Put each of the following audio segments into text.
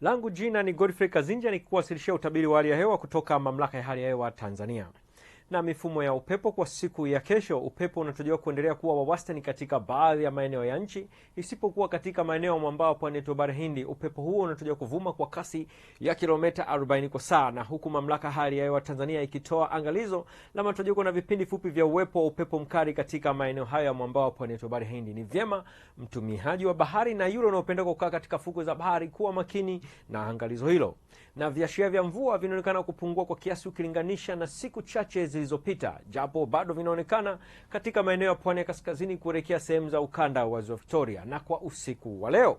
langu jina ni Godfrey Kazinja, nikuwasilishia utabiri wa hali ya hewa kutoka mamlaka ya hali ya hewa Tanzania na mifumo ya upepo kwa siku ya kesho. Upepo unatarajiwa kuendelea kuwa wa wastani katika baadhi ya maeneo ya nchi isipokuwa katika maeneo ya mwambao pwani yetu bara Hindi. Upepo huo unatarajiwa kuvuma kwa kasi ya kilomita 40 kwa saa, na huku mamlaka hali ya hewa Tanzania ikitoa angalizo la matarajio na vipindi fupi vya uwepo wa upepo mkali katika maeneo hayo ya mwambao wa pwani yetu bara Hindi. Ni vyema mtumiaji wa bahari na yule unaopenda kukaa katika fukwe za bahari kuwa makini na angalizo hilo. Na viashiria vya mvua vinaonekana kupungua kwa kiasi ukilinganisha na siku chache zilizopita, japo bado vinaonekana katika maeneo ya pwani ya kaskazini kuelekea sehemu za ukanda wa ziwa Victoria. Na kwa usiku wa leo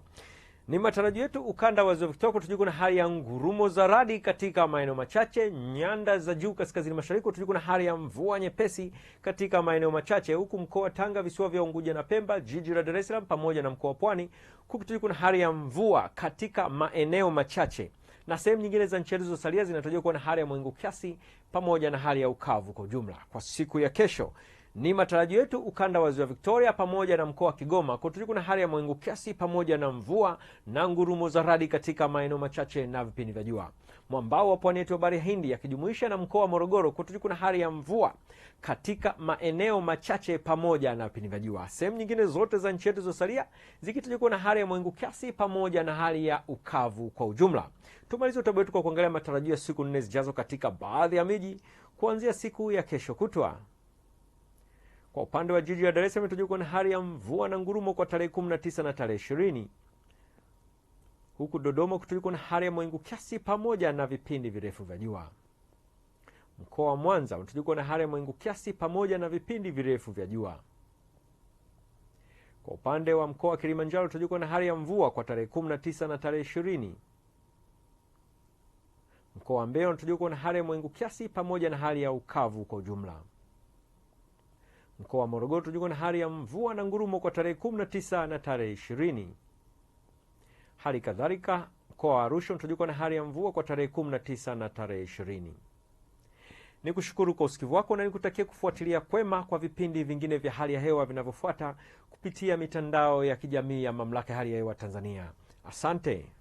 ni matarajio yetu ukanda wa ziwa Victoria kutojikwa na hali ya ngurumo za radi katika maeneo machache. Nyanda za juu kaskazini mashariki kutojikwa na hali ya mvua nyepesi katika maeneo machache, huku mkoa wa Tanga, visiwa vya Unguja na Pemba, jiji la Dar es Salaam pamoja na mkoa wa Pwani kutojikwa na hali ya mvua katika maeneo machache na sehemu nyingine za nchi zilizosalia zinatarajiwa kuwa na hali ya mawingu kiasi pamoja na hali ya ukavu kwa ujumla. Kwa siku ya kesho, ni matarajio yetu ukanda wa ziwa Victoria pamoja na mkoa wa Kigoma kutarajiwa kuwa na hali ya mawingu kiasi pamoja na mvua na ngurumo za radi katika maeneo machache na vipindi vya jua. Mwambao wa pwani yetu ya bahari ya Hindi yakijumuisha na mkoa wa Morogoro kutarajiwa kuwa na hali ya mvua katika maeneo machache pamoja na vipindi vya jua. Sehemu nyingine zote za nchi yetu zilizosalia zikitarajiwa kuwa na hali ya mawingu kiasi pamoja na hali ya ukavu kwa ujumla. Tumalize utabu wetu kwa kuangalia matarajio ya siku nne zijazo katika baadhi ya miji kuanzia siku ya kesho kutwa. Kwa upande wa jiji la dares es Salaam tunajua kuna hali ya mvua na ngurumo kwa tarehe 19 na tarehe 20, huku Dodoma kutajua na hali ya mawingu kiasi pamoja na vipindi virefu vya jua. Mkoa wa Mwanza unatajwa na hali ya mawingu kiasi pamoja na vipindi virefu vya jua. Kwa upande wa mkoa wa Kilimanjaro tutajua na hali ya mvua kwa tarehe 19 na tarehe 20. Mkoa wa Mbeya unatarajiwa kuwa na hali ya mawingu kiasi pamoja na hali ya ukavu kwa ujumla. Mkoa wa Morogoro unatarajiwa kuwa na hali ya mvua na ngurumo kwa tarehe 19 na tarehe 20. Hali kadhalika mkoa wa Arusha unatarajiwa kuwa na hali ya mvua kwa tarehe 19 na tarehe 20. kushukuru kwa usikivu wako na nikutakia kufuatilia kwema kwa vipindi vingine vya hali ya hewa vinavyofuata kupitia mitandao ya kijamii ya Mamlaka ya Hali ya Hewa Tanzania. Asante.